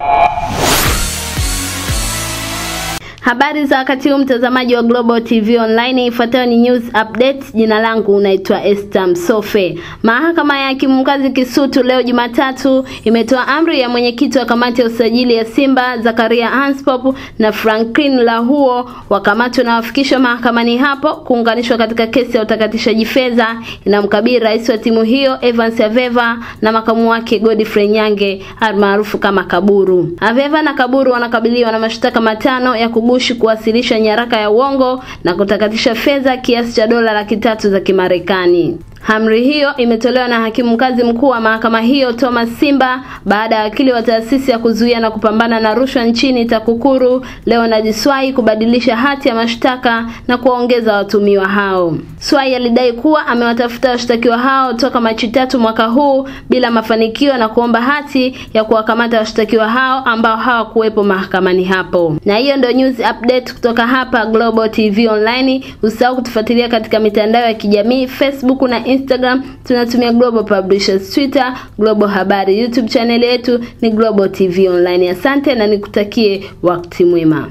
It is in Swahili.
you Habari za wakati huu mtazamaji wa Global TV Online, ifuatayo ni news update. Jina langu unaitwa Esther Msofe. Mahakama ya Hakimu Mkazi Kisutu leo Jumatatu imetoa amri ya mwenyekiti wa kamati ya usajili ya Simba Zakaria Hanspop na Franklin Lahuo wakamatwe na wafikishwe mahakamani hapo kuunganishwa katika kesi ya utakatishaji fedha inamkabili rais wa timu hiyo Evans Aveva na makamu wake Godfrey Nyange almaarufu kama Kaburu. Aveva na Kaburu wanakabiliwa na mashtaka matano ya kubu Bush kuwasilisha nyaraka ya uongo na kutakatisha fedha kiasi cha dola laki tatu za Kimarekani. Amri hiyo imetolewa na hakimu mkazi mkuu wa mahakama hiyo Thomas Simba baada ya wakili wa taasisi ya kuzuia na kupambana na rushwa nchini TAKUKURU Leonard Swai kubadilisha hati ya mashtaka na kuwaongeza watumiwa hao. Swai alidai kuwa amewatafuta washtakiwa hao toka Machi tatu mwaka huu bila mafanikio na kuomba hati ya kuwakamata washtakiwa hao ambao hawakuwepo mahakamani hapo. Na hiyo ndio news update kutoka hapa Global TV Online. Usisahau kutufuatilia katika mitandao ya kijamii Facebook na Instagram Instagram tunatumia Global Publishers, Twitter Global Habari, YouTube chaneli yetu ni Global TV Online. Asante na nikutakie wakati mwema.